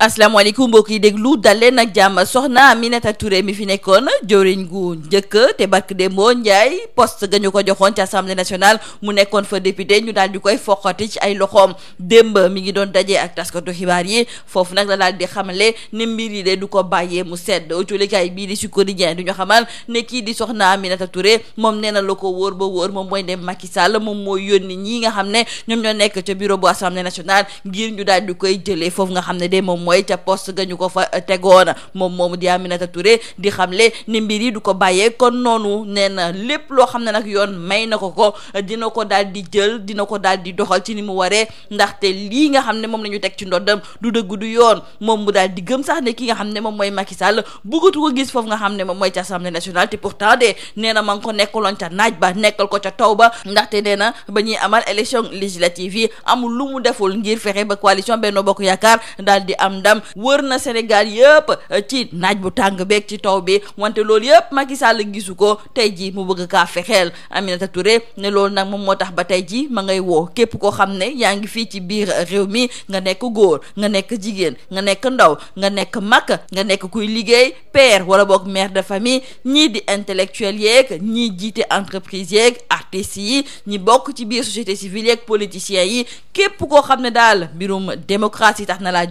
asalaamaaleykum mbokk yi déglu dal leen ak jàmm soxna Aminata Touré mi fi nekkoon jëwriñ gu njëkk te bark démboo Ndiaye poste ga ñu ko joxoon ca assemblée nationale mu nekkoon fa député ñu daal di koy foqati ci ay loxoom démb mi ngi doon daje ak taskatu xibaar yi foofu nag la daal di xamle ne mbir yi du ko bàyyee mu sedd autolikaay bii di su quotidien du ñu xamal ne kii di soxna Aminata Touré moom nee na la ko wóor ba wóor moom mooy dem Macky Sall moom mooy yónni ñi nga xam ne ñoom ñoo nekk ca bureau bu assemblée nationale ngir ñu daal di koy jëlee foofu nga xam ne de moom mooy ca poste ga ñu ko fa tegoona moom moomu di Aminata Touré di xamle ni mbir yi du ko bàyyee kon noonu nee na lépp loo xam ne nag yoon may na ko ko dina ko daal di jël dina ko daal di doxal ci ni mu waree ndaxte lii nga xam ne moom la ñu teg ci ndoddam du dëgg du yoon moom daal di gëm sax ne ki nga xam ne moom mooy Macky Sall bëggatu ko gis foofu nga xam ne moom mooy ca assemblée nationale te pourtant de nee na ma ngi ko nekkaloon ca naaj ba nekkal ko ca taw ba ndaxte nee na ba ñuy amal élection législative yi amul lu mu deful ngir fexe ba coalition am ndam wër na Sénégal yëpp eh, ci naaj bu tàng beeg ci taw bi wante loolu yëpp Macky Sall gisu ko tey jii mu bëgg kaa fexeel Aminata Touré ne lool nag moom moo tax ba tey jii ma ngay woo képp koo xam ne yaa ngi fii ci biir réew mi nga nekk góor nga nekk jigéen nga nekk ndaw nga nekk mag nga nekk kuy liggéey père wala boog mère de famille ñii di intellectuel yeeg ñii jiite entreprise yeeg artistes yi ñi bokk ci biir société civile yeeg politiciens yi képp koo xam ne daal mbirum démocratie tax na laa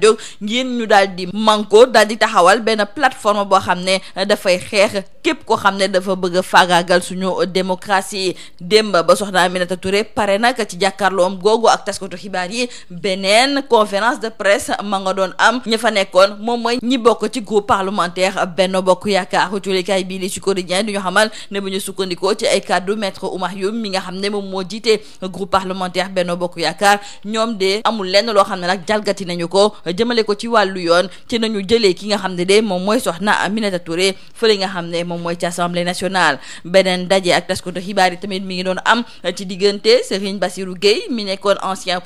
yéen ñu daal mankoo manko daal di taxawal benn plateforme boo xam ne eh, dafay xeex képp koo xam ne dafa bëgg a faagaagal suñu démocratie démb ba soxna Aminata ture pare nag ci jàkkaarloom googu ak taskatu xibaar yi beneen conférence de presse ma nga doon am ña fa nekkoon moom mooy ñi bokk ci groupe parlementaire benn Bokk Yaakaar cuulikaay bii li ci quotidien du ñu xamal ne bu ñu sukkandikoo ci ay kàddu maître Oumar mi nga xam ne moom moo jiite groupe parlementaire Benno Bokk Yaakaar ñoom de amul lenn loo xam ne nag jalgati nañu ko jëmale ko ci ci wàllu yoon ci nañu jëlee ki nga xam ne de moom mooy soxna Aminata Touré ne moom mooy ci assemblée nationale beneen daje ak taskatu xibaar yi tamit mi ngi doon am ci diggante Serigne Bassirou Gueye mi nekkoon ancien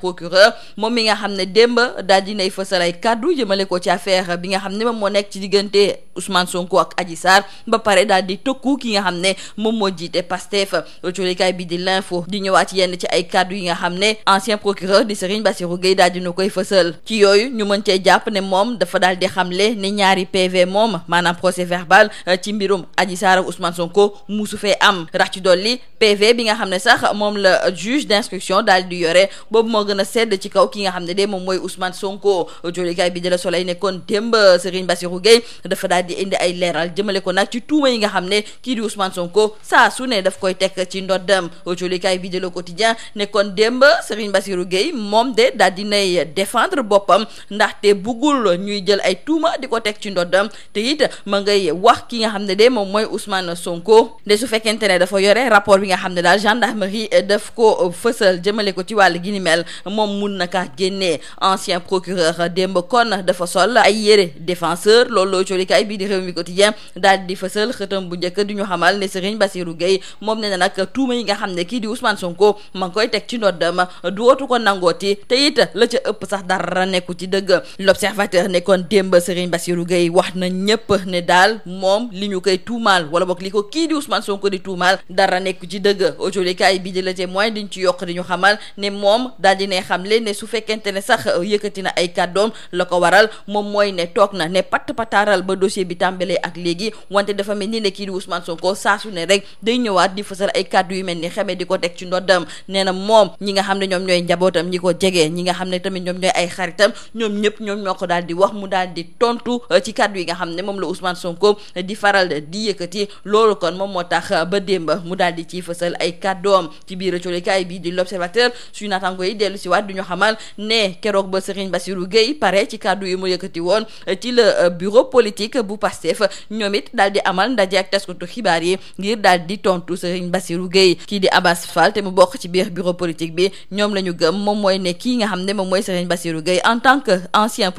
moom mi nga xam ne démb daal dinay fësal ay kàddu jëmale ko ci affaire bi nga xam ne moom moo nekk ci diggante Ousmane Sonko ak Adji Sarr ba pare daal di tëkku ki nga xam ne moom moo jiite fa Pastef colikaay bi di l'info di ñëwaat yenn ci ay kàddu yi nga xam ne ancien procureur di Serigne Bassirou Gueye daal dina koy fësal ci yooyu ñu mën cee jàpp ne moom dafa daal di xamle ne ñaari PV moom maanaam procès verbal euh, ci mbirum Adji Sarr ak Ousmane Sonko musu fee am rax ci dolli PV bi nga xam ne sax moom la juge d'instruction daal di yore boobu moo gën a sedd ci kaw ki nga xam ne de moom mooy Ousmane Sonko jolikaay bi jëla Soleil ne kon démb Serigne Bassirou Gueye dafa daal di indi ay leeral jëmale ko nag ci tuuma yi nga xam ne kii di Ousmane Sonko su ne daf koy teg ci ndoddam jolikaay bi jëla Quotidien ne kon démb Serigne Bassirou Gueye moom de daal di nay défendre boppam ndaxte bugg bëggul ñuy jël ay tuuma di ko teg ci ndoddam te it ma ngay wax ki nga xam ne de moom mooy Ousmane Sonko de su fekkente ne dafa yore rapport bi nga xam ne daal gendarmerie daf ko fësal jëmale ko ci wàll gi ni mel moom mun na kaa génnee ancien procureur démb kon dafa sol ay yére défenseur lool loo coolikaay bii di réew mi quotidien daal di fësal xëtam bu njëkk di ñu xamal ne Serigne Bassirou Gueye moom ne na nag tuuma yi nga xam ne kii di Ousmane Sonko ma ngi koy ko nangooti te it la ca ëpp l'observateur nekkoon démb Serigne Bassirou Gueye wax na ñëpp ne daal moom li ñu koy tuumaal wala boog li ko kii di Ousmane Sonko di tuumaal dara nekk ci dëgg aujourd'hui bi di la témoin diñ ci yokk di ñu xamal ne moom daal di ne ne su fekkente ne sax yëkkati na ay kàddoom la ko waral moom mooy ne toog na ne patt pataaral ba dossier bi tàmbalee ak léegi wante dafa mel ni ne kii di Ousmane Sonko saa su ne rek day ñëwaat di fësal ay kàddu yu mel ni xamee di ko teg ci ndoddam nee na moom ñi nga xam ne ñoom ñooy njabootam ñi ko jege ñi nga xam ne tamit ñoom ñooy ay xaritam ñoo ko daal di wax mu daal di tontu euh, ci kàddu yi nga xam ne moom la Ousmane Sonko euh, di faral di yëkkati loolu kon moom moo tax euh, ba démb mu daal di ci fësal ay kàddoom ci biir colikaay bi di l'observateur suñu naataango yi dellu si waat du ñu xamal ne keroog ba Serigne Bassirou Gueye pare ci kàddu yi mu yëkkati woon ci le bureau politique bu Pastef ñoom it daal di amal ndaje ak taskatu xibaar yi ngir daal di tontu Serigne Bassirou Gueye kii di Abbas Fall te mu bokk ci biir bureau politique bi ñoom la ñu gëm moom mooy ne kii nga xam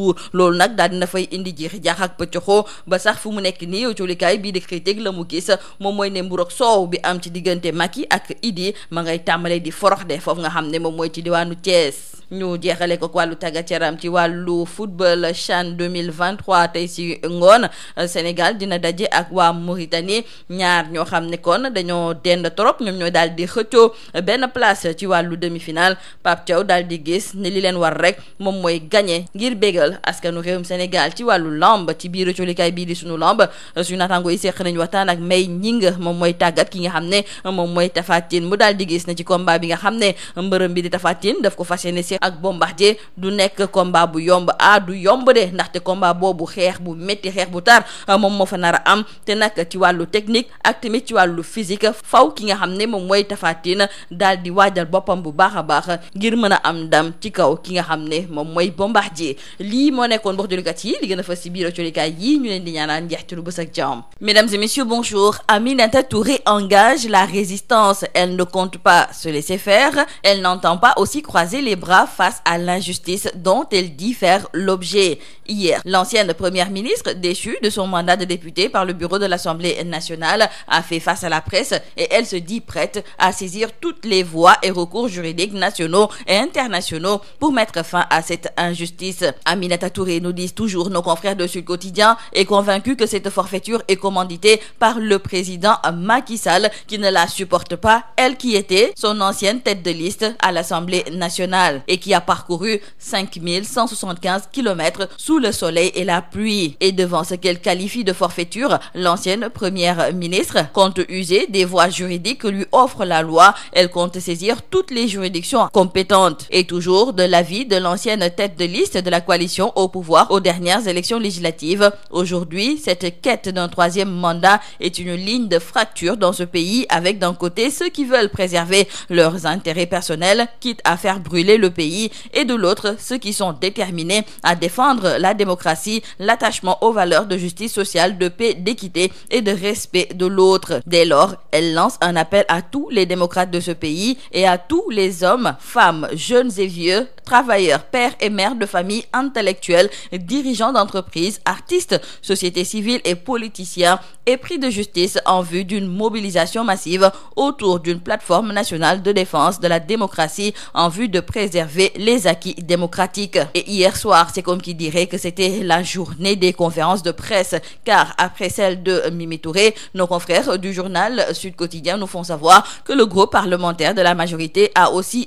Mbour loolu nag daal dina fay indi jiixi jaax ak pëccoxoo ba sax fu mu nekk nii colikaay bii di critique la mu gis moom mooy ne mbuur ak soow bi am ci diggante mag yi ak Idi ma ngay tàmbalee di forox de foofu nga xam ne moom mooy ci diwaanu Thiès. ñu jeexale ko wàllu tàggat yaram ci wàllu football CHAN 2023 tey si ngoon Sénégal dina daje ak waa Mauritanie ñaar ñoo xam ne kon dañoo dend trop ñoom ñoo daal di xëccoo benn place ci wàllu demi-finale Pape Thiaw daal di gis ne li leen war rek moom mooy gagné ngir dalal askanu réewum Sénégal ci wàllu lamb ci biir colikaay bii di sunu lamb suñu naataango yi seq nañu waxtaan ak May Ñing moom mooy tàggat ki nga xam ne moom mooy Tapha Tine mu daal di gis na ci combat bi nga xam ne mbërëm bi di ko fas yéene seq ak du nekk combat ah, de ndaxte combat boobu xeex bu métti xeex bu tar ah, moom moo fa nar a am te nag ci wàllu technique ak tamit ci wàllu physique faw ki nga xam ne moom mooy Tapha Tine daal di waajal boppam bu baax a baax ngir mën a am ndam ci kaw ki nga xam ne moom mooy Bombardier lii lii moo nekkoon mbox jolikat a fës ci biir Mesdames et messieurs, bonjour. Aminata Touré engage la résistance. Elle ne compte pas se laisser faire. Elle n'entend pas aussi croiser les bras face à l'injustice dont elle dit l'objet. Hier, l'ancienne première ministre, déchue de son mandat de députée par le bureau de l'Assemblée nationale, a fait face à la presse et elle se dit prête à saisir toutes les voies et recours juridiques nationaux et internationaux pour mettre fin à cette injustice. Aminata Touré nous disent toujours nos confrères de Sud Quotidien est convaincu que cette forfaiture est commanditée par le président Macky Sall qui ne la supporte pas, elle qui était son ancienne tête de liste à l'Assemblée nationale et qui a parcouru kilomètres sous le soleil et la pluie. Et devant ce qu'elle qualifie de forfaiture, l'ancienne première ministre compte user des voies juridiques que lui offre la loi. Elle compte saisir toutes les juridictions compétentes. Et toujours de opposition au pouvoir aux dernières élections législatives. Aujourd'hui, cette quête d'un troisième mandat est une ligne de fracture dans ce pays avec d'un côté ceux qui veulent préserver leurs intérêts personnels, quitte à faire brûler le pays, et de l'autre ceux qui sont déterminés à défendre la démocratie, l'attachement aux valeurs de justice sociale, de paix, d'équité et de respect de l'autre. Dès lors, elle lance un appel à tous les démocrates de ce pays et à tous les hommes, femmes, jeunes et vieux, travailleurs, intellectuels, dirigeants d'entreprises, artistes, sociétés civiles et politiciens et pris de justice en vue d'une mobilisation massive autour d'une plateforme nationale de défense de la démocratie en vue de préserver les acquis démocratiques. Et hier soir, c'est comme qui dirait que c'était la journée des conférences de presse, car après celle de Mimi Touré, nos confrères du journal Sud Quotidien nous font savoir que le groupe parlementaire de la majorité a aussi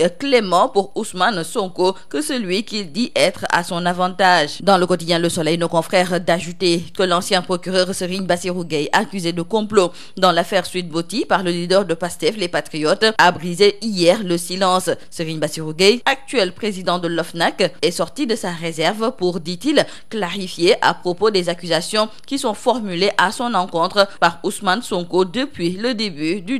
Euh, clément pour Ousmane Sonko que celui qu'il dit être à son avantage. Dans le quotidien Le Soleil, nos confrères d'ajouter que l'ancien procureur Serigne Bassirou accusé de complot dans l'affaire Sweet Beauty par le leader de Pastef les Patriotes, a brisé hier le silence. Serigne Bassirou actuel président de l'OFNAC, est sorti de sa réserve pour, dit-il, clarifier à propos des accusations qui sont formulées à son encontre par Ousmane Sonko depuis le début du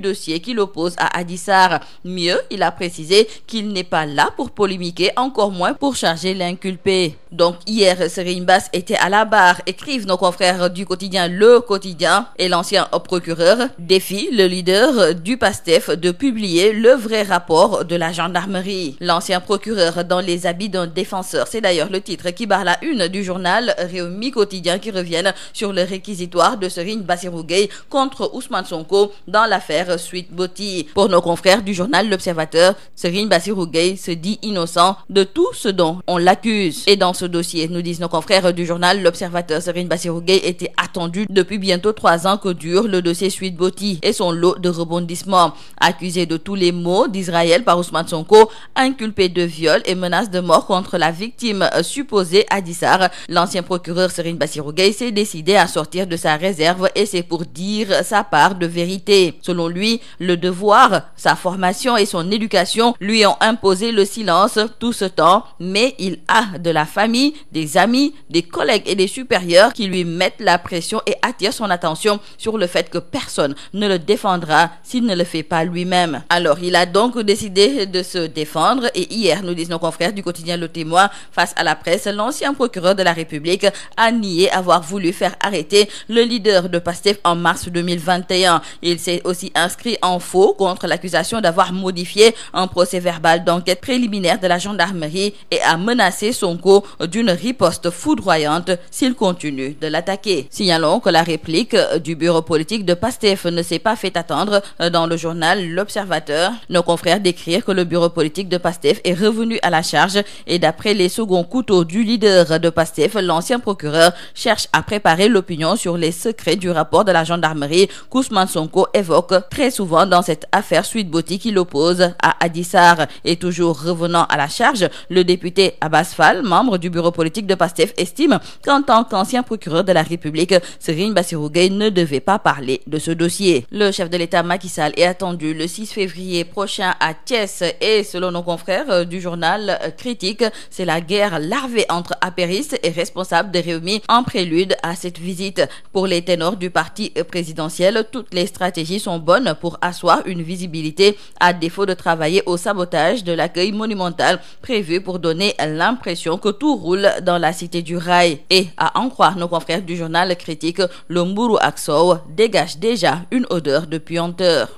qu'il n'est pas là pour polémiquer, encore moins pour charger l'inculpé. Donc hier, Serigne Bass était à la barre, écrivent nos confrères du quotidien Le Quotidien et l'ancien procureur défie le leader du PASTEF de publier le vrai rapport de la gendarmerie. L'ancien procureur dans les habits d'un défenseur, c'est d'ailleurs le titre qui barre la une du journal Rewmi Quotidien qui reviennent sur le réquisitoire de Serigne Bassirou Gueye contre Ousmane Sonko dans Serigne se dit innocent de tout ce dont on l'accuse. Et dans ce dossier, nous disent nos confrères du journal L'Observateur, Serigne Bassirou était attendu depuis bientôt trois ans que dure le dossier Sweet Beauty et son lot de rebondissements. Accusé de tous les maux d'Israël par Ousmane Sonko, inculpé de viol et menace de mort contre la victime supposée Adji Sarr, l'ancien procureur Serigne Bassirou s'est décidé à sortir de sa réserve et c'est pour lui ont imposé le silence tout ce temps, mais il a de la famille, des amis, des collègues et des supérieurs qui lui mettent la pression et attirent son attention sur le fait que personne ne le défendra s'il ne le fait pas lui-même. Alors, il a donc décidé de se défendre et hier, nous disent nos confrères du quotidien Le Témoin, face à la presse, l'ancien procureur de la République a nié avoir voulu faire arrêter le leader de PASTEF en mars 2021. Il s'est aussi en procès-verbal d'enquête préliminaire de la gendarmerie et a menacé Sonko d'une riposte foudroyante s'il continue de l'attaquer. Signalons que la réplique du bureau politique de PASTEF ne s'est pas fait attendre dans le journal L'Observateur. Nos confrères décrivent que le bureau politique de PASTEF est revenu à la charge et d'après les seconds couteaux du leader de PASTEF, l'ancien procureur cherche à préparer l'opinion sur les secrets du rapport de la gendarmerie Sarr est toujours revenant à la charge. Le député Abbas Fall, membre du bureau politique de PASTEF, estime qu'en tant qu'ancien procureur de la République, Serigne Bassirou ne devait pas parler de ce dossier. Le chef de l'État Macky est attendu le février prochain à Thiès et selon nos confrères du journal Critique, c'est la guerre larvée entre apéristes et responsables de Rewmi en prélude à cette visite. Pour les ténors du parti présidentiel, toutes les sabotage de l'accueil monumental prévu pour donner l'impression que tout roule dans la cité du rail. Et à en croire nos confrères du journal critique, le Mbourou Aksow dégage déjà une odeur de puanteur.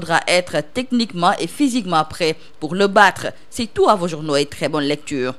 faudra être techniquement et physiquement prêt pour le battre. C'est tout à vos journaux et très bonne lecture.